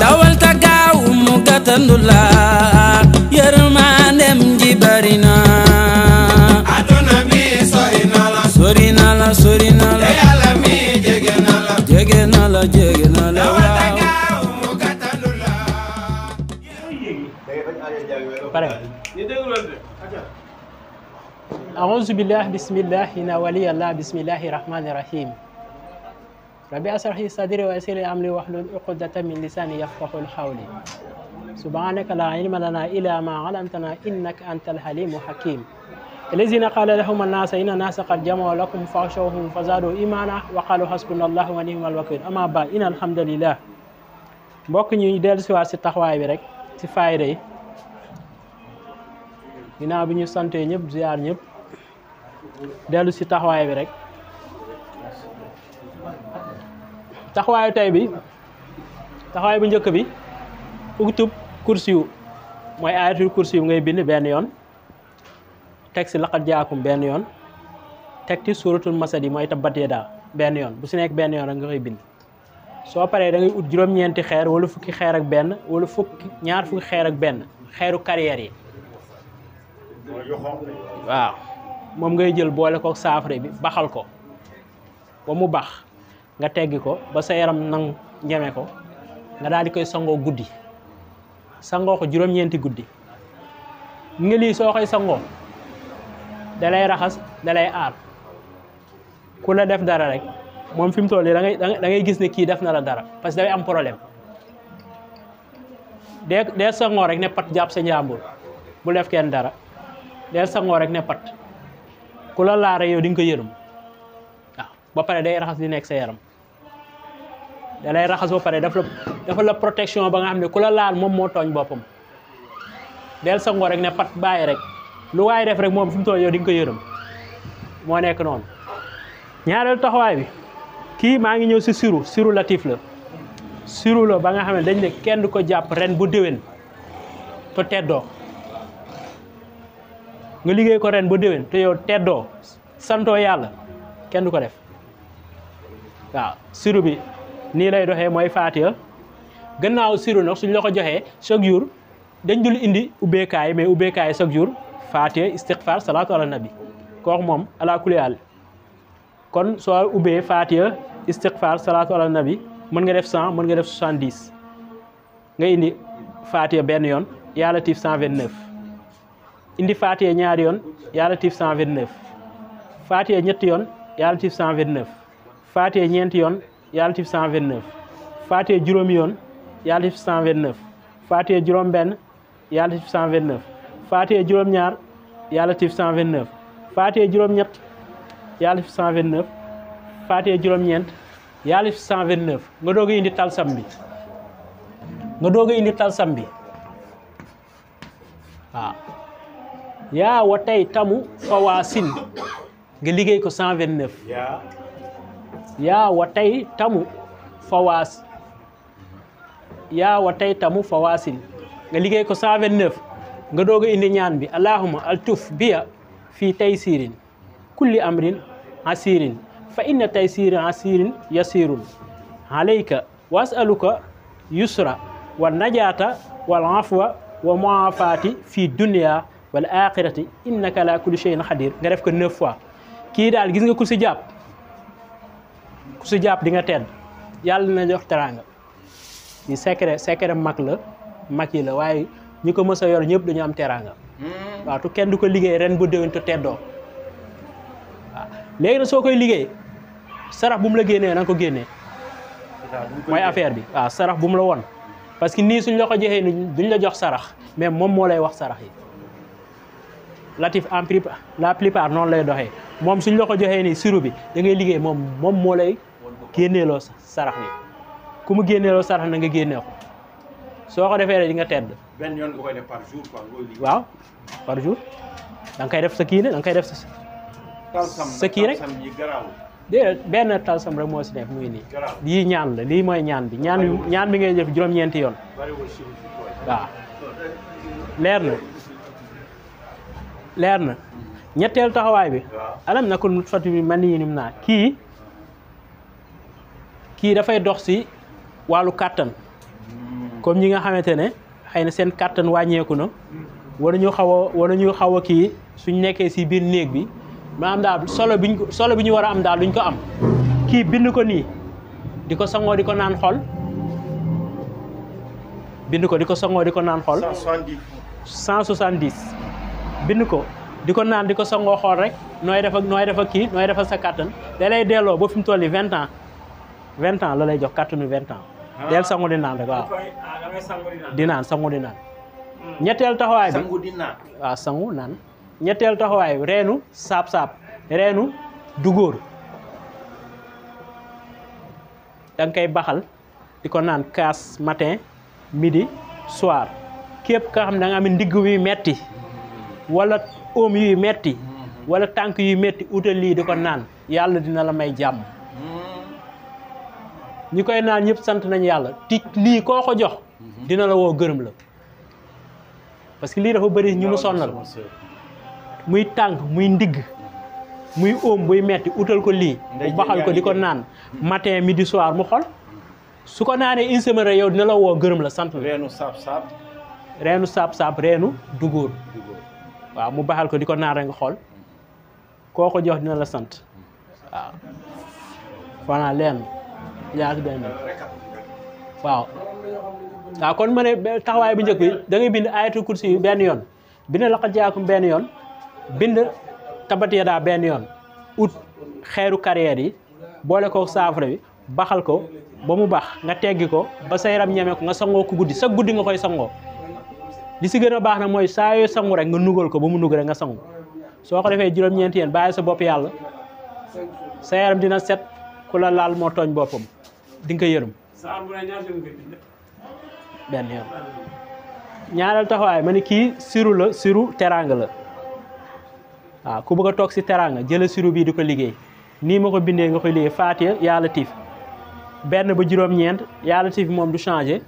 dawal ta gaaw mu gàttandu la yërmaandeem ji bari na adduna bi sori na la sori na la sori na la yàlla mi jege na la jege na la jege na la waaw أعوذ بالله بسم الله إن ولي الله بسم الله الرحمن الرحيم ربي أسرحي صدري وأسيري أملي أمري واحلل عقدة من لساني يفقه الحولي سبحانك لا علم لنا إلا ما علمتنا إنك أنت الحليم حكيم الذين قال لهم الناس إن الناس قد جمعوا لكم فاخشوهم فزادوا إيمانا وقالوا حسبنا الله ونعم الوكيل أما بعد إن الحمد لله بوك ني dellusi waat si taxawaay bi rek si fayda yi ginnaaw بي ني سانتي نيب زيار نيب dellu si taxawaay bi rek taxawaayu tey bi taxawaay bu njëkk bi uktub kursi yu mooy ayatul kursi yu ngay bind benn yoon teg si laqat jaakum benn yoon teg ci suuratul masad yi mooy tabbat daal benn yoon bu si nekk benn yoon rek nga koy bind soo paree da ngay ut juróom-ñeenti xeer wala fukki xeer ak benn wala fukki ñaar fukki xeer ak benn xeeru carrière yi waaw moom ngay jël boole ko saafara bi baxal ko ba mu bax nga teggi ko ba sa yaram nang ñeme ko nga daal di koy sangoo guddi sangoo ko juróom-ñeenti guddi nga lii soo koy sangoo da lay raxas da lay aar ku la def dara rek moom fi mu toll da ngay da ngay gis ne kii def na la dara parce que day am problème dee dee sangoo rek ne pat jàpp sa njàmbur bu def kenn dara dee rek ne pat ku la laara yow di nga ko yërëm waaw ba pare day raxas di nekk sa yaram da lay raxas ba pare dafa la protection ba nga xam ne ku la laal moom moo tooñ boppam del sangoo rek ne pat bàyyi rek lu waay def rek moom fi mu toll yow di nga yërëm moo nekk noonu ñaareelu taxawaay bi kii maa ngi ñëw si siru siru latif la siru la ba nga xam ne dañ ne kenn du ko jàpp ren bu déwén te teddoo nga liggéey ko ren bu déwén te yow teddoo santoo yàlla kenn du ko def waaw siru bi nii lay doxee mooy Fatiha gannaaw siru nag suñ la ko joxee chaque jour dañ dul indi ubbeekaay mais ubbeekaay chaque jour Fatiha istighfar salaatu ala nabi kooku moom ala kulli kon soo ubbee faatiya istighfar salaatu ala nabi mën nga def 100 mën nga def 70 nga indi Fatiha benn yoon yaa latiif 129 indi Fatiha ñaari yoon yaa latiif 129 Fatiha ñetti yoon yaa latiif 129 Fatiha ñeenti yoon. yaa latif 129 faatee juróomi yoon yaa latif 129 faatee juróom benn yaa latif 129 faatee juróom ñaar yaa latif 129 faatee juróom ñett yaa latif 129 faatee juróom ñeent yaa latif 129 nga doog a indi talsam bi nga doog a indi talsam bi waaw yaa wa tey tamu fawaasin nga liggéey ko 129. yaa wa tay tamu fawaas yaa wa tay tamu fawaasin nga liggéey ko 129 nga doog a indi ñaan bi allahuma altuf biya fii tay siirin kulli amrin asirin fa inna tay siirin asirin yasirun alayka wasaluka yusra wa najata wal afwa wa muafaati fii dunia wal axirati innaka la kulli cheyin xadir nga def ko neuf fois kii daal gis nga ku si jàpp ku si jàpp di nga tedd yàlla na jox teraanga di secret secret mag la mag yi la waaye ñi ko mës a yor ñëpp dañu am teraanga hmm. waaw kenn du ko liggéey ren bu déwén te teddoo waaw léegi nag soo koy liggéey sarax bu mu la génnee na nga ko génnee mooy affaire bi waaw sarax bu mu la won parce que nii suñ la ko joxee ni duñ la jox sarax mais moom moo lay wax sarax yi latif en prix la plupart non lay doxé mom suñ la ko joxee ni sirou bi da ngay liggé mom mom mo lay lo sarax ni kumu génné lo sarax na nga génné ko soko défé rek di nga tedd ben yon nga koy def par jour quoi waaw par jour dang kay def sa kiné dang kay def sa talsam sa sam yi graw dé ben talsam rek mo ci def muy ni li ñaan la li moy ñaan bi ñaan ñaan bi ngay def juróom-ñeenti yoon waaw leer na leer na ñetteelu taxawaay bi alam nakun nutfatu min maniyyin naa kii kii dafay dox si wàllu kàttan hmm. comme ñi nga xamante ne xëy na seen kàttan wàññeeku na wala ñu xaw a ñu xaw a kii suñ nekkee si biir néeg bi maanaam daal solo biñ solo bi ñu war a am daal duñ ko am kii bind ko nii di ko sangoo di ko naan xol bind ko di ko sangoo di ko naan xol bind ko di ko naan di ko sangoo xool rek nooy def ak nooy def ak kii nooy def sa kàttan da delloo ba fi mu toll nii vingt ans vingt ans la lay jox kàttanu vingt ans. Ah. del sangu di naan rek waaw. Ah, di naan sangu di naan. ñetteel taxawaay bi sangu naan. waaw sangu naan ñetteel taxawaayu reenu saab saab reenu dugóor da nga koy baxal di ko naan kaas matin midi soir képp koo xam ne nga am ndigg wi metti wala oom yuy metti mm-hmm. wala tànk yuy metti utal lii di ko naan yàlla dina la may jàmm mm-hmm. ñi koy naan ñëpp sant nañu yàlla ti lii koo ko jox mm-hmm. dina la woo gërëm la parce que lii dafa bari ñu mu sonnal muy tànk muy ndigg muy óom buy metti utal ko lii bu baxal ko di ko naan matin midi soir mu xol su ko naanee une rek yow dina la woo gërëm la sant la reenu saab saab reenu saab saab waaw mu baaxal ko di ko naara nga xool kooku ko jox dina la sant waaw waaw waaw kon ma taxawaay bu njëkk bi da bind ayatul kursi benn yoon bind laqad jaakum benn yoon bind tabat yadaa benn yoon ut xeeru carrière yi boole ko saafara bi baxal ko ba mu bax nga teggi ko ba sa yaram ñeme ko nga sangoo ko guddi sa guddi nga koy sangoo li si gëna baax na moy saa sangu rek nga nugal ko bu mu nugal nga sangu soo ko defee juróom ñeenti yéen sa bop yalla sa yaram dina set kula laal mo togn bopam di nga yërum ben yoon ñaaral taxaway mané ki siru la siru teranga la waaw ku bëgg tok ci si teranga jël siru bi diko liggéey ni mako bindé nga koy liggéey fatia yaa latif ben ba juroom ñent yaa latif mom du changer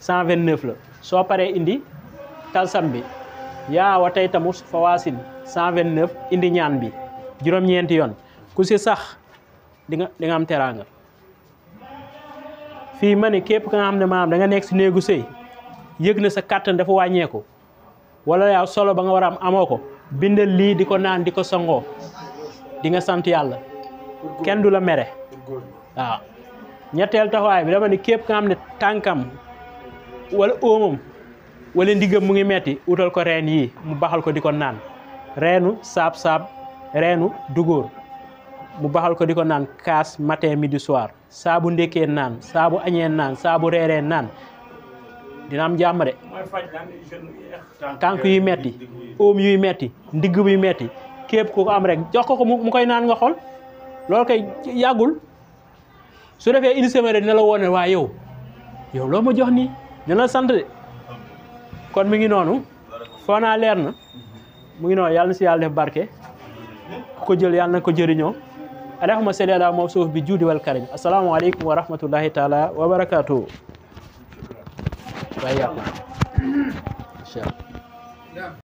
129 la so paré indi kalsam bi ya wa tey tamus fawasin 129 indi ñaan bi juróom ñent yoon ku ci sax di nga di nga am teranga fi mané ne képp ka nga xam ne maanaam da nga nek ci négu sey yëg na sa carton dafa wàññeeku wala yaa solo ba nga wara am amoko bindal li di naan di songo di nga sante yalla kenn dula méré mere waaw ñetteel taxawaay bi dama ne képp ka nga xam wala omum wala ndigam mu ngi metti utal ko reen yii mu baxal ko di ko naan reenu saab-saab reenu dugóor mu baxal ko di ko naan kaas matin midi soir saabu ndekkee naan saabu añee naan saabu reeree naan dina am jàmm de tànk yuy metti óom yuy metti ndigg buy metti képp ku ko am rek jox ko ko mu koy naan nga xool loolu koy yàggul su defee une semaine dina la woone waa yow yow loo ma jox nii dina sant de kon mi ngi noonu foo naa leer na mu ngi noonu yàlla si yàlla def barke ko jël yàlla na ko jëriñoo allahumma salli ala mawsuuf bi juudi wal karim assalaamu aleykum wa rahmatullahi taala